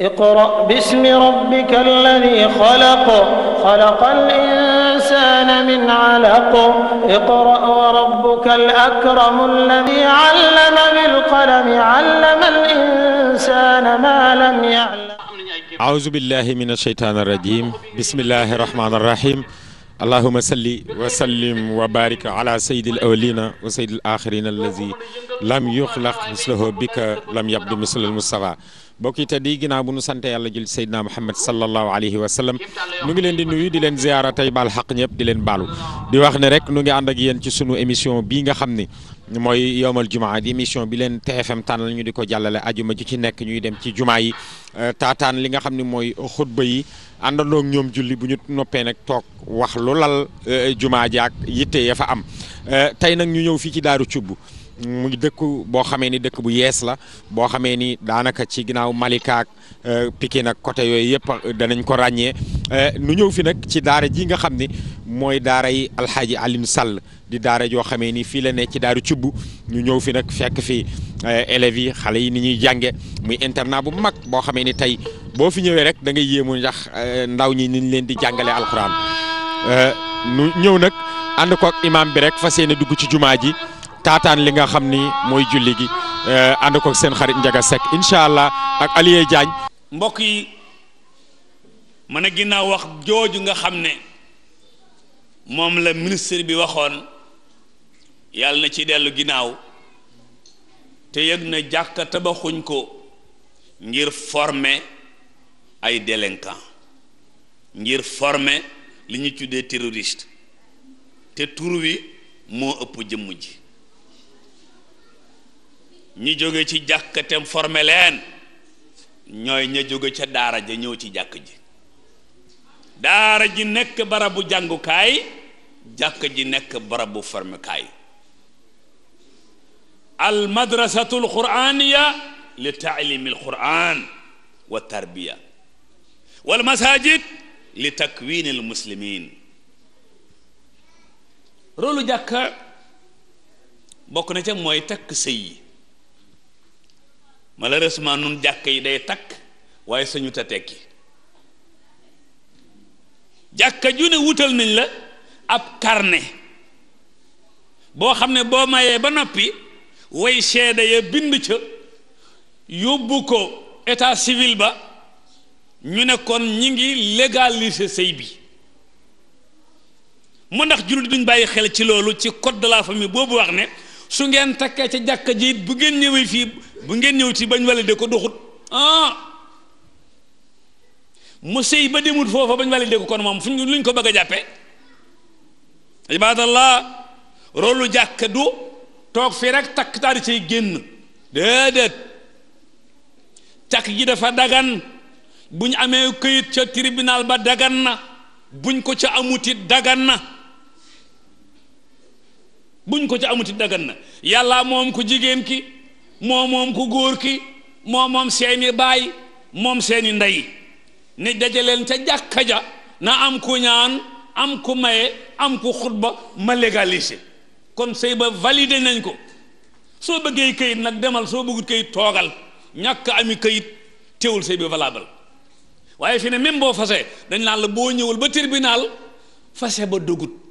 اقرأ باسم ربك الذي خلق خلق الإنسان من علق اقرأ وربك الأكرم الذي علم بالقلم علم الإنسان ما لم يعلم أعوذ بالله من الشيطان الرجيم بسم الله الرحمن الرحيم اللهم صل وسلم وبارك على سيد الأولين وسيد الآخرين الذي لم يخلق مثله بك لم يبدو مثل المصطفى mbokk yi te di ginnaaw bu nu sant yàlla jul seydina muhammad sallallahu alayhi wa sallam nu ngi leen di nuyu di leen ziyaara tey baal xaq ñëpp di leen baalu di wax ne rek nu ngi ànd ak yéen ci sunu émission bii nga xam ni mooy yowmal jumaa di émission bi leen TFM tànnal ñu di ko jàllale ajuma ju ci nekk ñuy dem ci jumaa euh, taataan li nga xam ne mooy xutba yi àndandoo ñoom julli bu ñu noppee nag toog wax lu lal euh, jumaa jaak yitte ya fa am euh, tey nag ñu ñëw fii ci daaru cubb muy dëkk boo xamee ni dëkk bu yees la boo xamee ni daanaka ci ginnaaw malikaak ak euh, Pikine ak côté yooyu yëpp euh, danañ ko ràññee euh, nu ñëw fi nag ci daara ji nga xam ni mooy daara yi Alxaaji Alioune Sall di daara joo xamee ni fii la ne ci daaru cubb ñu ñëw fi nag fekk fi élèves yi xale yi ni ñuy jànge muy internat bu mag boo xamee ni tey boo fi ñëwee rek da ngay yéemu ndax ndaw ñi niñ leen di jàngalee alxuraan nu ñëw nag ànd ko imaam bi rek fas yéene dugg ci jumaa ji taataan li nga xam ni mooy julli gi eh, ànd ko seen xarit Ndiaga Seck incha allah ak Aliou Diagne. mbokk yi mën a ginnaaw wax jooju nga xam ne moom la ministre bi waxoon yàlla na ci dellu ginnaaw te yëg na jàkka tabaxuñ ko ngir former ay délinquant ngir forme li ñu tuddee terroriste te tur wi moo ëpp jëmm ji ñi jóge ci jàkka tem ñooy ña jóge ca daara ja ñëw ci jàkk ji daara ji nekk barabu jàngukaay jàkk ji nekk barabu formukaay al madrasatu al quraaniya li taalimi al wa tarbiya wal masajid li takwin al muslimin rolu jàkka bokk na ca mooy takk sëy yi malheureusement nun jàkk yi day takk waaye sañu ta tekki jàkka ju ne wutal nañ la ab karne boo xam ne boo mayee ba noppi way seede ya bind ca yóbbu ko état siwil ba ñu ne kon ñi ngi légaliser sëy bi mu ndax jullit duñ bàyyi xel ci loolu ci code de la famille boobu wax ne su ngeen takkee ca jàkk ji bu ngeen ñëwee fii bu ngeen ñëw ci bañ de ko doxut ah mu sëy ba demut foofa bañ validé ko kon moom fu ñu luñ ko bëgg a jàppee ibaadallah rolu jàkka du toog fii rek takk taari cay génn déedéet takk gi dafa dagan bu ñu amee këyit ca tribunal ba dagan na buñ ko ca amutit dagan na buñ ko ci amuti dagan na yàlla moom ku jigéen ki moo moom ku góor ki moo moom seeni baay moom seeni ndey ni dajaleen ca jàkka ja na am ku ñaan am ku maye am ku xutba ma légaliser kon sëy ba validé nañ ko soo bëggee kayit nag demal soo bëggut kayit toogal ñàkk ami kayit teewul sëy bi valable waaye fi ne même boo fase dañ naan la boo ñëwul ba tribunal fase ba dugut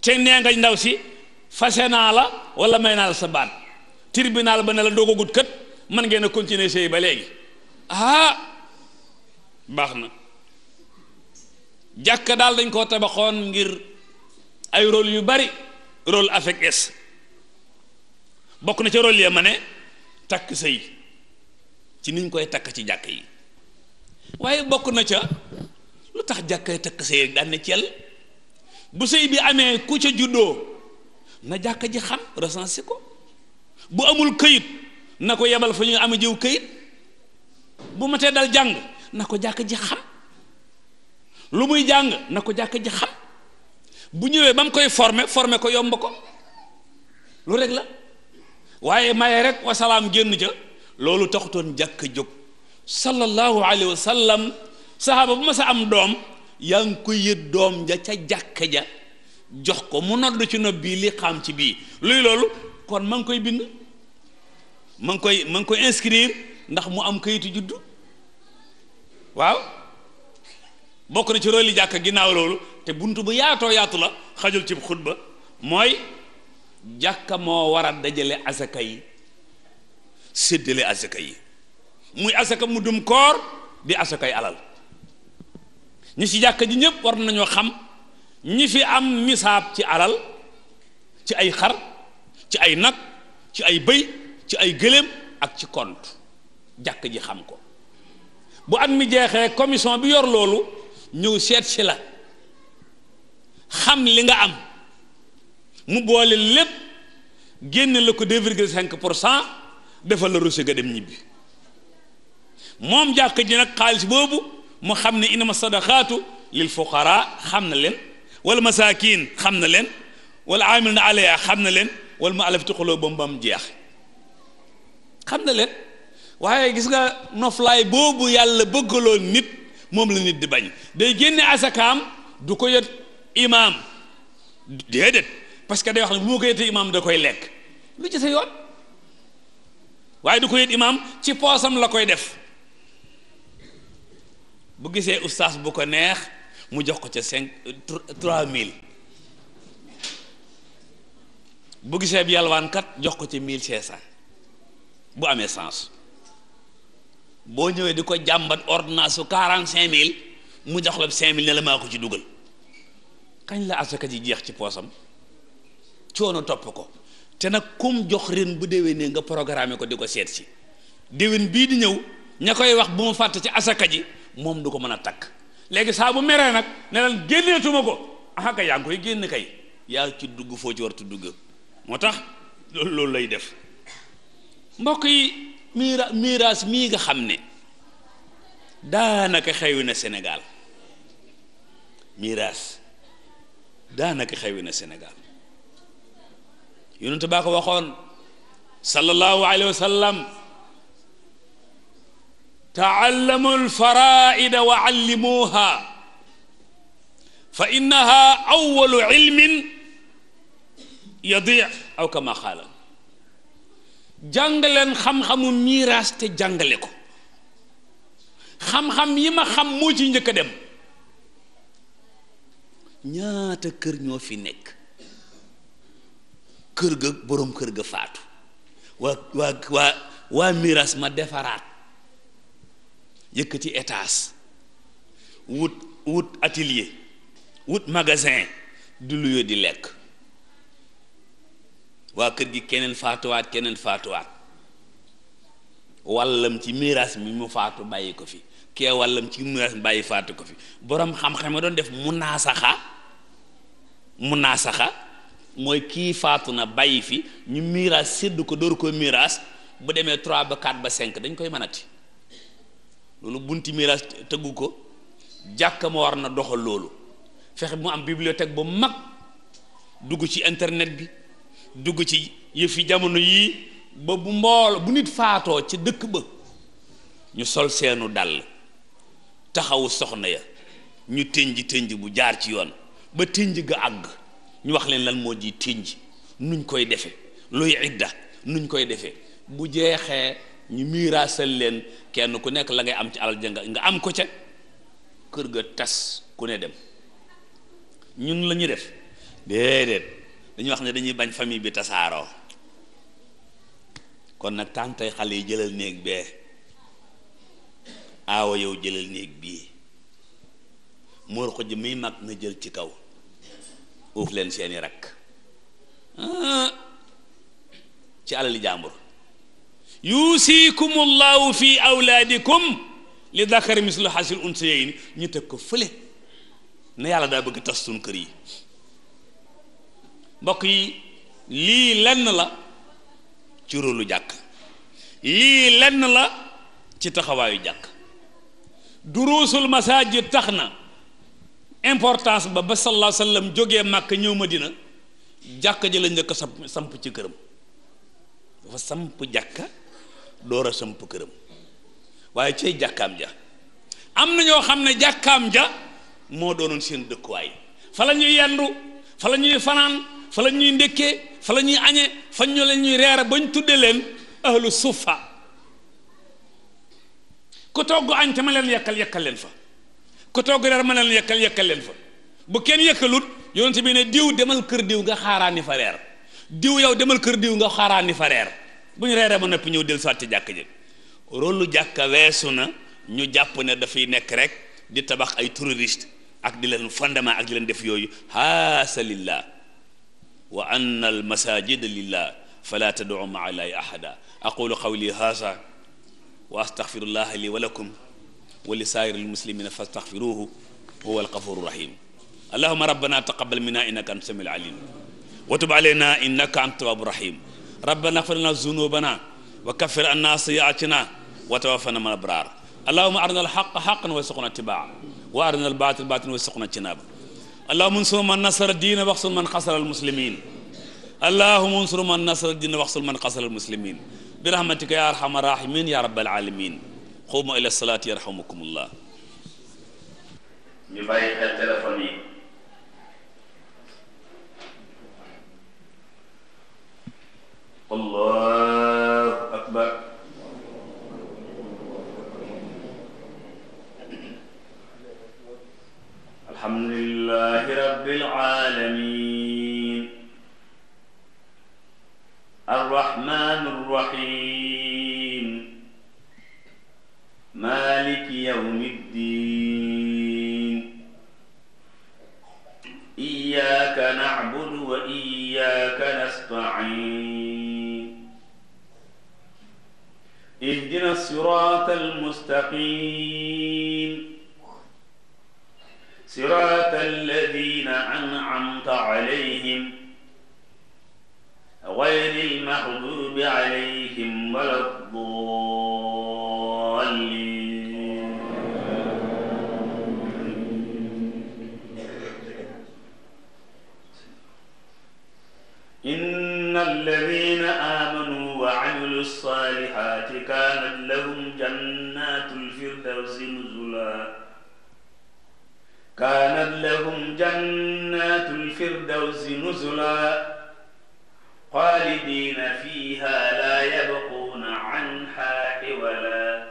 te nee ndaw si fase naa la wala may naa la sa baat tribunal ba ne la doog a gudd kat mën ngeen a continuer sëy ba léegi ah baax na jàkka daal dañ koo tabaxoon ngir ay role yu bari rôle avec es bokk na ca role ya ma ne takk sëy ci niñ koy takk ci jàkk yi waaye bokk na ca lu tax jàkkay takk sëy daan ne cel bu sëy bi amee ku ca juddoo na jàkk ji xam recensé ko bu amul këyit na ko yebal fa ñuy am jiw këyit bu matee dal jàng na ko jàkk ji xam lu muy jàng na ko jàkk ji xam bu ñëwee ba mu koy formé formé ko yomb ko lu rek la waaye maye rek wasalaam génn ca loolu taxutoon jàkk jóg sallallahu alayhi wa sallam saxaaba bu ma sa am doom yaa ngi ko yët doom ja ca jàkka ja jox ko mu nodd ci nopp bii li xam ci bii luy loolu kon ma ngi koy bind ma ngi koy ma ngi koy inscrire ndax mu am kayitu juddu waaw bokk na ci roli jàkk ginnaaw loolu te bunt bu yaatoo yaatu la xajul ci xutba mooy jàkka moo wara dajale asaka yi séddale asaka yi muy asaka mu dum koor di asakay alal ñi ci jàkk ji ñëpp war nañoo xam ñi fi am nisaab ci alal ci ay xar ci ay nag ci ay bëy ci ay gëléem ak ci compte jàkk ji xam ko bu at mi jeexee commission bi yor loolu ñëw seet si la xam li nga am mu boole lépp génn la ko deux virgule cinq pour cent defal la reçu ga dem ñibbi moom jàkk ji nag xaalis boobu mu xam ne inama sadaqaatu lil fuqara xam na leen wal masaakin xam na leen wal aamilina alayha xam na leen wal mu'allafati quluubuhum ba mu jeex xam na leen waaye gis nga noflaay boobu yàlla bëggaloon nit moom la nit di bañ day génne asakaam du ko yët imaam déedéet parce que day wax ne bu ma ko yëtee imaam da koy lekk lu ci sa yoon waaye du ko yët imaam ci poosam la koy def bu gisee ustaas bu ko neex mu jox ko ca cinq trois mille bu gisee bi yalwaankat jox ko ci mille cinq cent bu amee sens boo ñëwee di ko jàmbat ordonnance su quarante cinq mille mu jox la cinq mille ne ko ci dugal kañ la asaka ji jeex ci poosam coono topp ko te nag kum jox rin bu déwénee nga programme ko di ko seet si déwén bii di ñëw ña koy wax bu mu fàtte ci asaka ji moom du ko mën a takk léegi saabu bu meree nag ne leen génneetuma ko ah kay yaa ngi koy génn kay yaa ci dugg foo ci wartu dugg moo tax loolu loolu lay def mbokk yi miira miiraas mii nga xam ne daanaka xewi na Sénégal miiraas daanaka xewi na Sénégal yonent baa ko waxoon sallallahu alayhi wa taallamu alfaraida wa allimuha fa innaha awalu ilmin aw kama xaala jàngaleen xam-xamu miiraas te jàngale ko xam-xam yi ma xam moo ci njëkk a dem ñaata kër ñoo fi nekk kër ga boroom kër ga faatu waa waa waa miiraas ma defaraat yëkkati étage wut wut atelier wut magasin du luyo di lekk waa kër gi keneen faatuwaat keneen faatuwaat wàllam ci miiras mi mu faatu bàyyi ko fi kee wàllam ci miiras mi bàyyi faatu ko fi boroom xam-xam doon def munaasaxa munaasaxa mooy kii faatu na bàyyi fi ñu miiras sédd ko dóor ko miiras bu demee trois ba quatre ba cinq dañ koy mënati loolu bunti miraas tëggu ko jàkka ma war na doxal loolu fexe mu am bibliothèque bu mag dugg ci internet bi dugg ci yëfi jamono yii ba bu mbool bu nit faatoo ca dëkk ba ñu sol seenu dàll taxawu soxna ya ñu tënj tënj bu jaar ci yoon ba tënj ga àgg ñu wax leen lan moo ji tënj nuñ koy defe luy idda nuñ koy defee bu jeexee ñu miiraasal leen kenn ku nekk la ngay am ci alal jënga nga am ko ca kër ga tas ku ne dem ñun la ñuy def déedéet dañuy wax ne dañuy bañ famille bi tasaaroo kon nag tàntay xale yi jëlal néeg bee aawo yow jëlal néeg bii moor xoj muy mag na jël ci kaw uuf leen seeni rakk ah, ci alali jàmbur yuusikum allahu fi awlaadikum li dakari mislu xasil unsayayni ñu teg ko fële na yàlla daa bëgg tas suñ kër yi mbokk yi lii lenn la ci róolu jàkk lii lenn la ci taxawaayu jàkk duruusul masaajid tax na importance ba ba sallallahu alayhi wa sallam jógee màkk ñëw ma dina jàkk ji la njëkk samp samp ci këram dafa samp jàkka door a samp këram waaye ci cay jàkkaam ja am na ñoo xam ne jàkkaam ja moo doonoon seen dëkkuwaay fa la ñuy yendu fa la ñuy fanaan fa la ñuy ndékkee fa la ñuy añe fa ñu la ñuy reere ba ñu tudde leen ahlu suffa ku togg añ te ma leen yekkal yekkal leen fa ku togg reer ma leen yekkal yekkal leen fa bu kenn yëkkalut yonent bi ne diw demal kër diw nga xaaraani fa reer diw yow demal kër diw nga xaaraani fa reer bu ñu reeree ba noppi ñëw dellu soit ci jàkk ji rôle lu jàkka weesu na ñu jàpp ne dafay nekk rek di tabax ay terroriste ak di leen fondement ak di leen def yooyu haasa lillah wa anna al masajida lillah fala tad'u ma'a allahi ahada aqulu qawli haasa wa astaghfirullaha li wa lakum wa li saa'iril muslimina fastaghfiruhu huwa al ghafuru rahim allahumma rabbana taqabbal minna innaka antas samiul alim wa tub alayna innaka antat tawwabur rahim rabbana ighfir lana zunubana wa kaffir anna sayyi'atina wa tawaffana ma'al abrar allahumma arina al-haqqa haqqan warzuqna ittiba'ahu wa arina al-batila batilan warzuqna ijtinabahu allahumma unsur man nasara ad-din wakhzul man khasara al-muslimin allahumma unsur man nasara ad-din wakhzul man khasara al-muslimin برحمتك يا أرحم الراحمين يا رب العالمين قوموا إلى الصلاة يرحمكم الله ñu bàyyi xel téléphone yi Allah إن الذين آمنوا وعملوا الصالحات كانت لهم جنات الفردوس نزلا كانت لهم جنات الفردوس نزلا خالدين فيها لا يبقون عنها حولا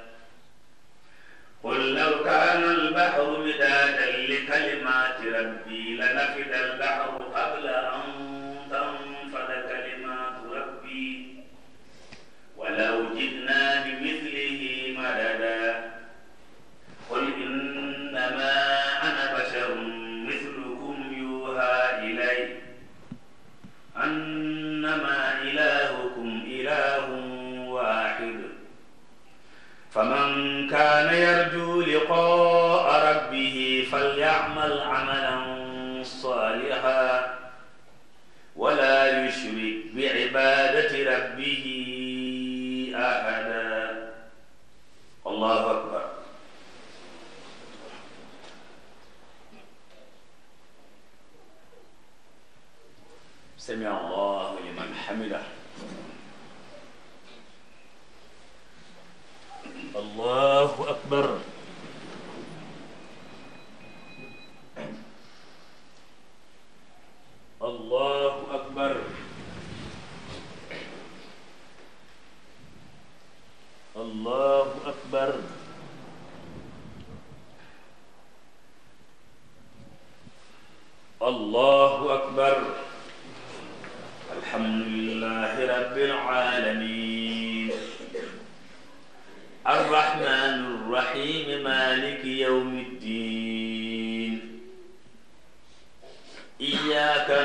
قل لو كان البحر مدادا لكلمات ربي لنفد البحر kaana yarju liqaa rabbihi falyacmal camalan saalihan wala yushrik bicibaadati rabbihi ahadan allahu akbar sami allahu liman hamidah allahu akbar allahu akbar allahu akbar allahu akbar alhamdulillahi rabbil alamin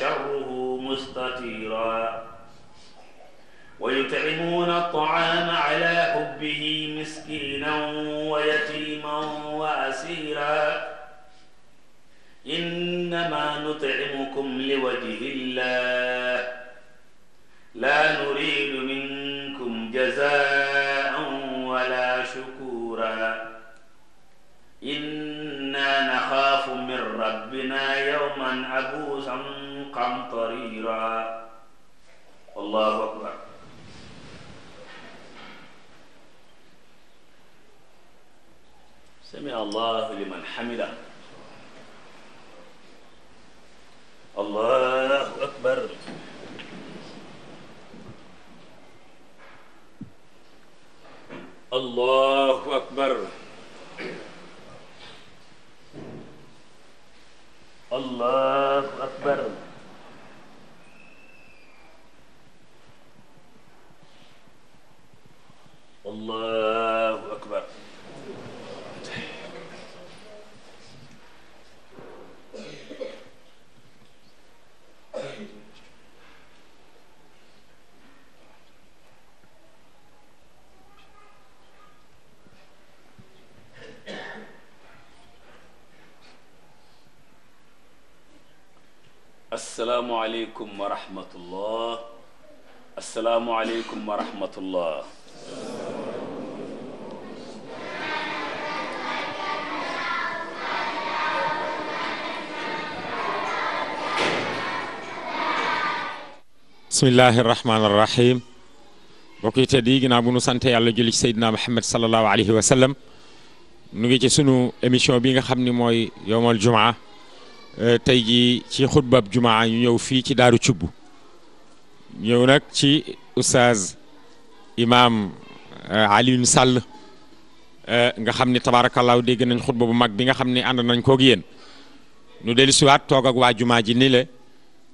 شره مستطيرا ويطعمون الطعام على حبه مسكينا ويتيما وأسيرا إنما نطعمكم لوجه الله لا نريد منكم جزاء ولا شكورا إنا نخاف من ربنا يوما عبوسا قمطريرا الله أكبر سمع الله لمن حمده الله أكبر الله أكبر الله أكبر allahu akbar asalaamualeykum wa rahmatullah asalaamualeykum wa rahmatullah bismillahi rahmaani rahim mbokk yi tedd yi bu nu sante yàlla julli ci Seydina Muhammad sallallahu alayhi wa nu ngi ci sunu émission bi nga xam ni mooy yowmal jumaa euh, tey jii ci xutbab jumaa ñu ñëw fii ci daaru cubb ñëw nag ci oustaz imam euh, Alioune Sall euh, nga xam ni tabaarakallaahu dégg nañ xutba bu mag bi nga xam ni ànd nañ koog yéen nu dellusiwaat toog ak waa jumaa ji ni le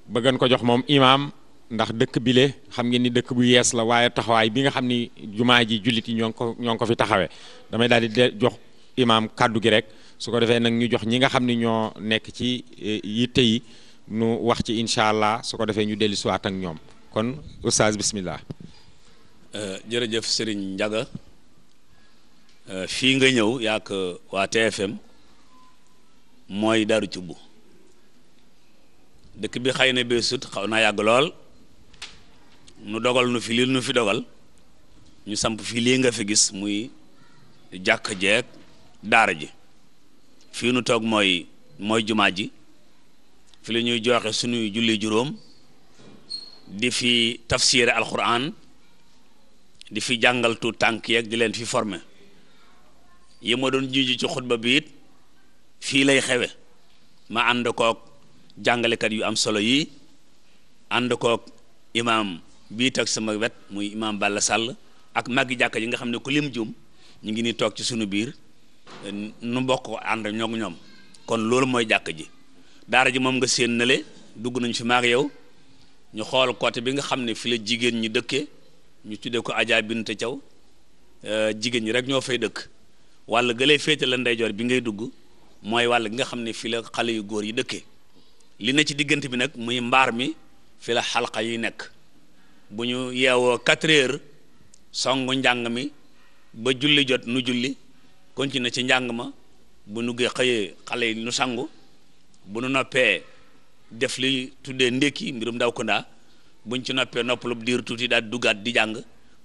bëggan ko jox moom imam ndax dëkk bi le xam ngeen ni dëkk bu yees la waaye taxawaay bi nga xam ni jumaa ji jullit yi ñoo ngi ko ñoo ngi ko fi taxawee damay daal di jox imaam kàddu gi rek su ko defee nag ñu jox ñi nga xam ni ñoo nekk ci eh, yitte yi nu wax ci incha allah su ko defee ñu dellu siwaat ak ñoom kon oustaz bismillah euh, jërëjëf sëriñ njaga euh, fii nga ñëw yaak euh, waa TFM mooy Daaru Cubb dëkk bi xëy na bee xaw naa yàgg lool nu dogal nu fi li nu fi dogal ñu samp fii lii nga fi gis muy jàkk jeeg daara ji fii nu toog mooy mooy jumaa ji fi lañuy ñuy joxe suñuy julli juróom di fi tafsire alquran di fi jàngal tu tànk yeeg di leen fi forme yi ma doon juuju ci xutba bi fii lay xewe ma ànd koog jàngalekat yu am solo yi ànd koog imaam bii ak sama wet muy imaam Balla Sall ak màggi jàkka ji nga xam ne ku lim jum ñu ngi ni toog ci suñu biir nu mbokk ànd ñoog ñoom kon loolu mooy jàkk ji daara ji moom nga séen nale dugg nañ fi maag yow ñu xool côté bi nga xam ne fi la jigéen ñi dëkkee ñu tuddee ko Adja Binte Thiaw euh, jigéen ñi rek ñoo fay dëkk walla gëlee féete la ndeyjoor bi ngay dugg mooy wàll gi nga xam ne fi la xale yu góor yi dëkkee li na ci diggante bi nag muy mbaar mi fi la xalqa yi nekk bu ñu yeewoo quatre heures songu njàng mi ba julli jot nu julli continuer ci njàng ma bu nu gee xëyee xale yi nu sangu bu nu noppee def li tuddee ndékki mbirum ndaw ko ndaa buñ ci noppee noppalu diir tuuti daal duggaat di jàng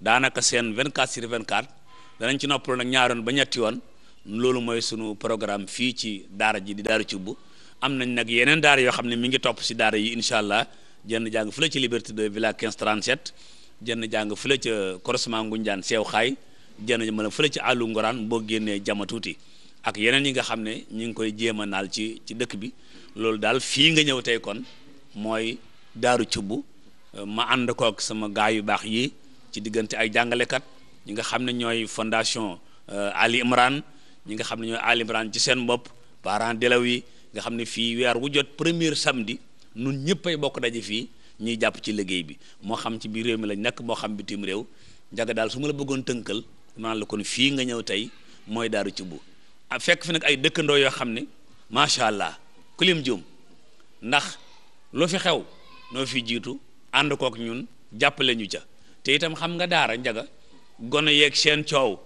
daanaka seen 24 sur 24 danañ ci noppalu nag ñaaroon ba ñetti yoon loolu mooy sunu programme fii ci daara ji di daar ci bu am nañ nag yeneen daar yoo xam ne mi ngi topp si daara yi incha allah jenn jàng fële ci Liberté de Villa 1537 jenn jàng fële ca croisement Ngunjaan seew xaay jenn mën a fële ci àllu ngoraan boo génnee jama tuuti ak yeneen yi nga xam ne ñu ngi koy jéem a naal ci ci dëkk bi loolu daal fii nga ñëw tey kon mooy daaru cubb ma ànd kook sama gaa yu baax yi ci diggante ay jàngalekat ñi nga xam ne ñooy fondation euh, Ali Imran ñi nga xam ne ñooy Ali Imran ci seen bopp parents d'élèves yi nga xam ne fii weer wu jot premier samedi nun ñëpp ay bokk daje fii ñuy jàpp ci liggéey bi moo xam ci biir réew mi lañ nekk moo xam bitim réew njaga daal su ma la bëggoon tënkal maa la fii nga ñëw tey mooy daaru ci bu ah, fekk fi nag ay dëkkandoo yoo xam ne macha allah ku lim juum ndax loo fi xew noo fi jiitu ànd kook ñun jàppale ñu ca te itam xam nga daara njaga gone yeeg seen coow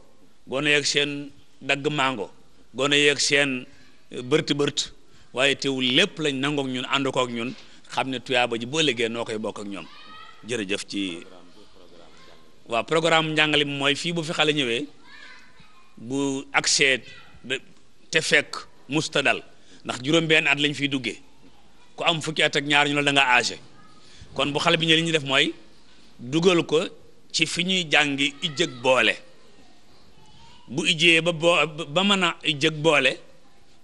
gone yeeg seen dagg mango gone yeeg seen eh, bërti bërt waaye teewul lépp lañ nangook ñun ànd kook ñun xam ne tuyaaba ji boo liggéey noo koy bokk ak ñoom jërëjëf ci waaw programme njàngale mooy fii bu fi ñëwee bu accès te fekk musta dal ndax juróom-benn at lañ fiy duggee ku am fukki at ak ñaar ñu la da nga kon bu xale bi ñu li ñuy def mooy dugal ko ci fi ñuy jàngi ijjëg boole bu ijjee ba boo ba mën a ijjëg boole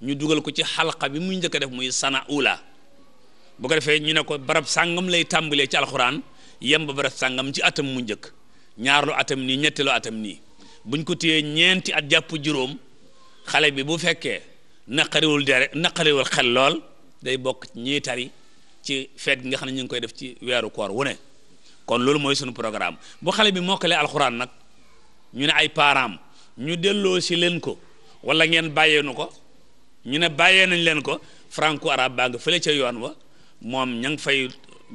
ñu dugal ko ci xalqa bi mu njëkk def muy sana ula bu ko defee ñu ne ko barab sàngam lay tàmbalee ci alxuraan yem ba barab sàngam ci atam mu njëkk ñaarlu atam nii ñetteelu atam nii buñ ko téyee ñeenti at jàpp juróom xale bi bu fekkee naqariwul dere naqariwul xel lool day bokk ñiy tari ci feet gi nga xam ne ñu ngi koy def ci weeru koor wu ne kon loolu mooy suñu programme bu xale bi mokkalee alxuraan nag ñu ne ay param ñu delloo si leen ko wala ngeen bàyyeenu ko ñu ne bàyyee nañ leen ko franco arabe baa nga fële ca yoon wa moom ña ngi fay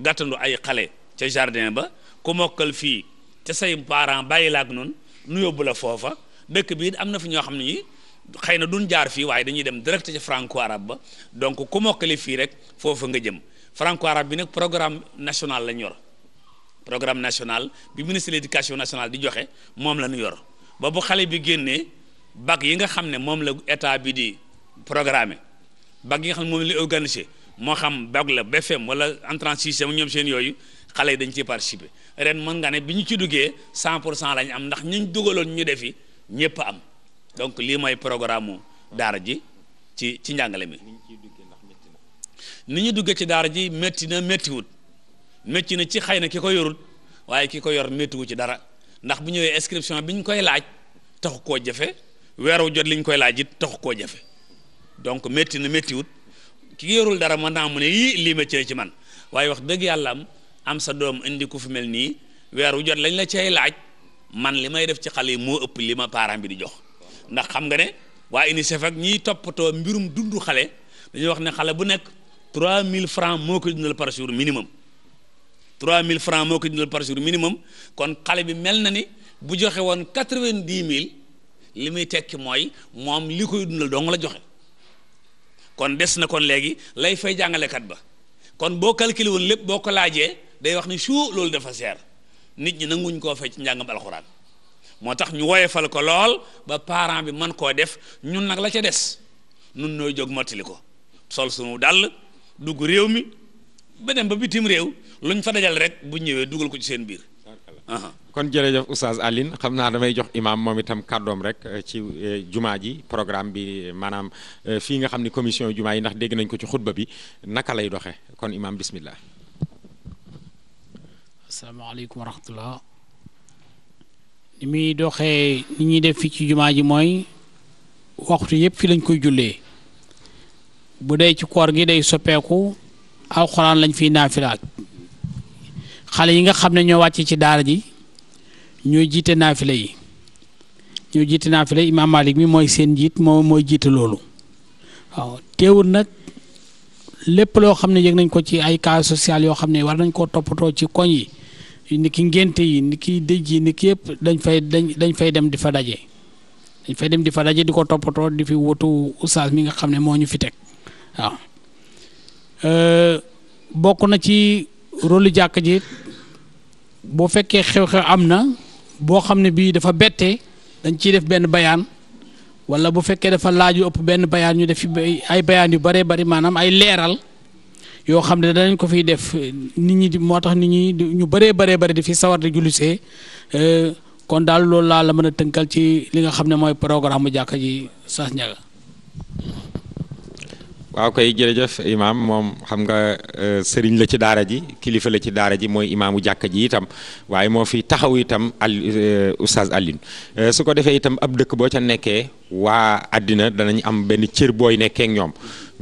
gàttandu ay xale ca jardin ba ku mokkal fii te say parents bàyyi la ak noonu nu yóbbu la foofa dëkk bi am na fi ñoo xam ne ñi xëy na duñ jaar fii waaye dañuy dem direct ca franco arabe ba donc ku mokkali fii rek foofa nga jëm franco arabe bi nag programme national lañ yor programme national bi ministre l'éducation national di joxe moom la ñu yor ba bu xale bi génnee bac yi nga xam ne moom la état bi di. programme bag yi xam ne moom la organisé moo xam bag la BFM wala entrant mu ñoom seen yooyu xale yi dañ ciy participer ren mën nga ne bi ñu ci duggee 100 pour cent lañ am ndax ñu dugaloon ñu defi ñëpp am donc lii mooy programme mu daara ji ci ci njàngale mi. ni ñu duggee ci daara ji métti na méttiwut métti na ci xëy na ki ko yorut waaye ki ko yor méttiwu ci dara ndax bu ñëwee inscription bi ñu koy laaj taxu koo jafe weeru jot li koy laaj it taxu koo jafe. donc métti na méttiwut ki yorul dara mën naa mu ne yii lii métti na ci man waaye wax dëgg yàlla am am sa doom indi ku fu mel nii weer wu jot lañ la ceey laaj man li may def ci xale yi moo ëpp li ma parent bi di jox ndax xam nga ne waa UNICEF ak ñiy toppatoo mbirum dundu xale dañuy wax ne xale bu nekk 3000 francs moo ko par jour minimum 3000 francs moo ko dundal par jour minimum kon xale bi mel na ni bu joxe woon mille li muy tekki mooy moom li koy dundal dong la joxe. kon des na kon léegi lay fay jàngalekat ba kon boo calculé woon lépp boo ko laajee day wax ni suu loolu dafa seer nit ñi nanguñ koo fay ci njàng balxuraan moo tax ñu woyefal ko lool ba parent bi man koo def ñun nag la ca des nun nooy jóg mottali ko sol sunu dàll dugg réew mi beneen ba bitim réew lu ñu fa dajal rek bu ñëwee dugal ko ci seen biir kon jërëjëf Oustaz Alioune xam naa damay jox imam moom itam kàddoom rek eh, ci eh, jumaa ji programme bi maanaam eh, fii nga xam ne commission jumaa yi ndax dégg nañ ko ci xutba bi naka lay doxee kon imam bismillah asalaamaaleykum wa rahmatullah ni muy def fii ci jumaa ji mooy waxtu yëpp fi lañ koy jullee bu dee ci koor gi day soppeeku alxuraan lañ fi naafilaat xale yi nga xam ne ñoo wàcce ci daal ji ñooy jiite naafile yi ñooy jiite naafile imaam Malik mi mooy seen jiit moom mooy jiite loolu waaw teewul nag lépp loo xam ne yëg nañ ko ci ay cas sociale yoo xam ne war nañ koo toppatoo ci koñ yi ni ki ngénte yi ni ki dëj yi ni ki yëpp dañ fay dañ dañ fay dem di fa daje dañ fay dem di fa daje di ko toppatoo di fi wutu oustaz mi nga xam ne moo ñu fi teg waaw bokk na ci rôle jàkk ji boo fekkee xew-xew am na boo xam ne bii dafa bettee dañ ciy def benn bayaan wala bu fekkee dafa laaj yu ëpp benn bayaan ñu def ay bayaan yu bëree bari maanaam ay leeral yoo xam ne danañ ko fi def nit ñi di moo tax nit ñi ñu bëree bëree bari di fi sawar di jullisee eh, kon daal loolu laa la mën a tënkal ci li nga xam ne mooy programme mu jàkka ji Sass Ndiaga waaw koy jërëjëf imaam moom xam nga euh, sëriñ la ci daara ji kilifa la ci daara ji mooy imaamu jàkka ji itam waaye moo fi taxaw itam al euh, oustaz Alioune euh, su ko defee itam ab dëkk boo ca nekkee waa àddina danañ am benn cër booy nekkee ak ñoom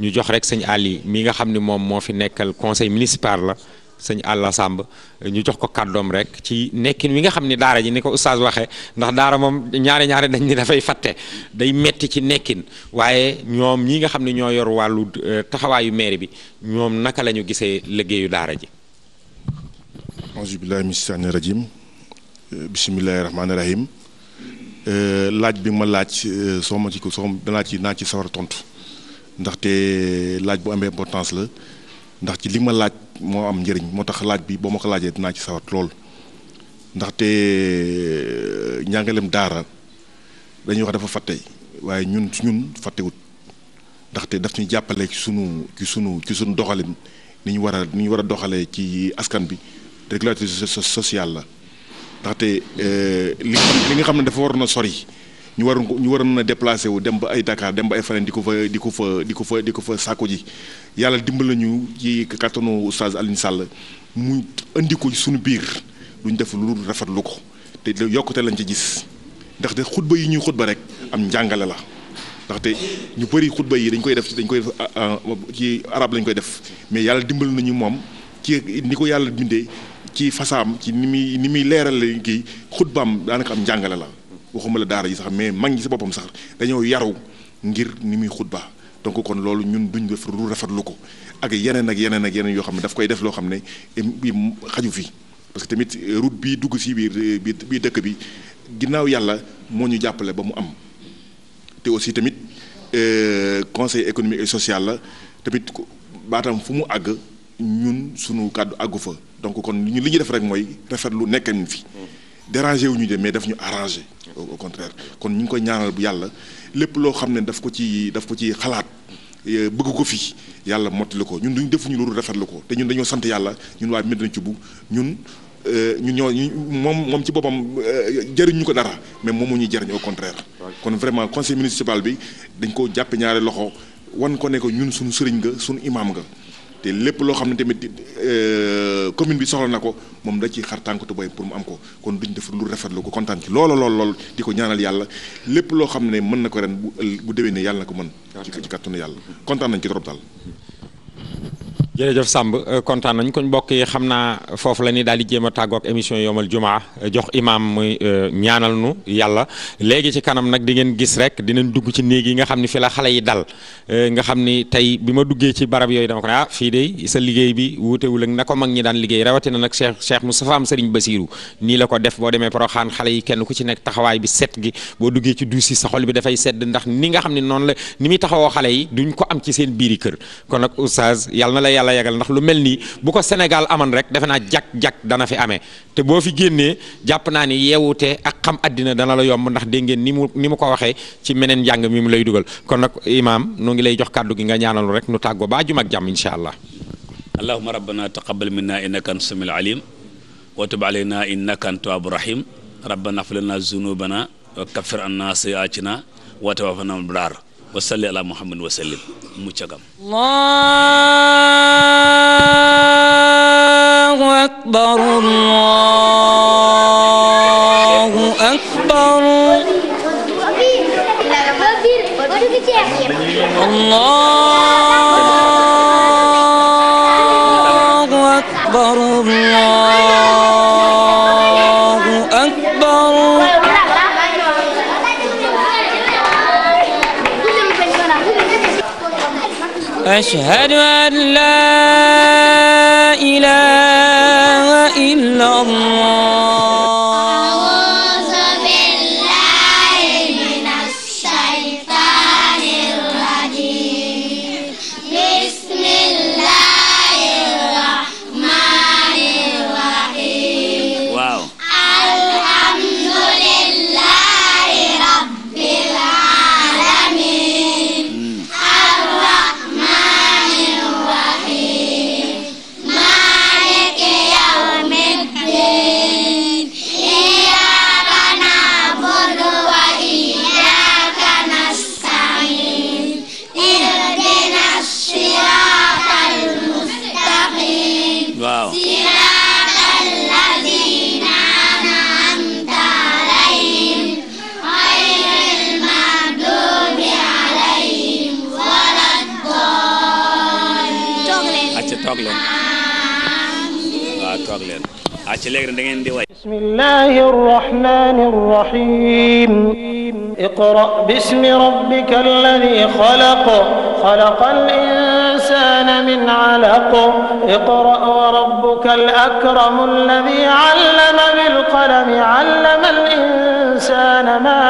ñu jox rek sëñ Ali mi nga xam ni moom moo fi nekkal conseil municipal la sëñ Alla sàmb ñu jox ko kàddoom rek ci nekkin wi nga xam ni daara ji ni ko oustaz waxe ndax daara moom ñaari ñaari dañ ni dafay fatte day metti ci nekkin waaye ñoom ñi nga xam ne ñoo yor wàllu euh, taxawaayu maire bi ñoom naka lañu gisee liggéeyu daara ji auzu billahi min seytaani rajim bismillahi rahmaani rahim euh, laaj bi ma laaj euh, soo ma ci ko soo danaa ci naa ci sawar a tontu ndaxte laaj bu amee importance la ndax ci li ma laaj moo am njëriñ moo tax laaj bi boo ma ko laajee dinaa ci sawat lool ndaxte euh, njàngalem daara dañuy wax dafa fàtte waaye ñun ñun fàttewut ndaxte daf ñu jàppale ci sunu ci sunu ci sunu doxalin ni ñu war a ñu war a doxalee ci askan bi régulateur social la ndaxte euh, li li nga xam ne dafa waroon a sori ñu waroon ñu waroon a déplacé wu dem ba ay Dakar dem ba ay faneen di ko fa di ko fa di ko fa di ji yàlla dimbal nañu ci kattanu oustaz Alioune Sall mu indi ko suñu biir luñ def lu rafetlu ko te yokkute lañ ci gis ndaxte xutba yi ñuy xutba rek am njàngale la ndaxte ñu bëri xutba yi dañ koy def dañ koy ah, ah, ci arab lañ koy def mais yàlla dimbal nañu moom ci ni ko yàlla bindee ci fasaam ci ni muy ni muy leeral leerale kii xutbaam daanaka am njàngale la waxuma la daara yi sax mais mag ñi si boppam sax dañoo yaru ngir ni muy xutba donc kon loolu ñun duñ def lu rafetlu ko ak yeneen ak yeneen ak yeneen yoo xam ne daf koy def loo xam ne xaju fi parce que tamit euh, route bii dugg si biir euh, biir dëkk bi ginnaaw yàlla moo ñu jàppale ba mu am te aussi tamit euh, conseil économique et social la tamit baatam fu mu àgg ñun sunu kàddu àggu fa donc kon li ñu def rek mooy rafetlu nekk nañ fi. Mm. dérangé wu ñu de mais daf ñu arrangé. au contraire kon ñu ngi koy ñaanal bu yàlla lépp loo xam ne daf ko ci daf ko ci xalaat e, bëgg ko fi yàlla mottali ko ñun duñ defuñu loolu rafetlu ko te ñun dañoo sant yàlla ñun waa Médina Thioub ñun e, ñun ñoo moom moom ci boppam e, jëriñu ko dara mais moom moo ñuy jëriñ au contraire. kon vraiment conseil municipal bi dañ ko jàppe ñaari loxo wan ko ne ko ñun suñu sëriñ nga suñu imaam nga. te lépp loo xam ne tamit euh, commune bi soxla na ko moom da ciy xar tànk tubéy pour mu am ko kon ñu def lu rafetlu ko kontaan ci lool lool lool di ko ñaanal yàlla lépp loo xam ne mën na ko ren bu bu ne yàlla na ko mën. ci ci kàttanu yàlla kontaan nañ ci trop daal. jërëjëf Samb euh, kontaan nañ kon mbokk yi xam naa foofu la ñuy daal di jéem a tàggoog émission yomal jumaa jox imaam muy euh, ñaanal nu yàlla léegi ci kanam nag di ngeen gis rek dinañ dugg ci néeg yi nga xam ni fi la xale yi dal euh, nga xam ni tey bi ma duggee ci barab yooyu dama ko ne ah fii de sa liggéey bi wuutewul ak na ko mag ñi daan liggéey rawatina nag Cheikh Cheikh Moustapha am Serigne Basirou nii la ko def boo demee Poroxaan xale yi kenn ku ci nekk taxawaay bi set gi boo duggee ci duus sa xol bi dafay sedd ndax ni nga xam ne noonu la ni muy taxawoo xale yi duñ ko am ci seen biiri kër yàlla yegal ndax lu mel nii bu ko Sénégal aman rek defe naa jag-jag dana fi ame te boo fi génnee jàpp naa ni yeewute ak xam addina dana la yomb ndax dégg ngeen ni mu ni mu ko waxee ci meneen njàng mi mu lay dugal kon nag maam nu ngi lay jox kàddu gi nga ñaanalu rek nu tàggoo baa jum ak jàmm incha allah allahuma rabbana taqabal minna innaka anta samiul alim wa tub alayna innaka anta tawwaabu rahim rabbana aflana zunubana wa kaffir anna sayyi'atina wa tawaffana ma'al abrar wa salli ala muhammad wa sallim mu cagam أشهد أن لا ne da ngeen di way bismillahi rrahmani rrahim iqra bismi rabbika alladi xalaq xalaqa al insana min alaq iqra wa rabbuka al akram alladi allama bil qalam allama al insana ma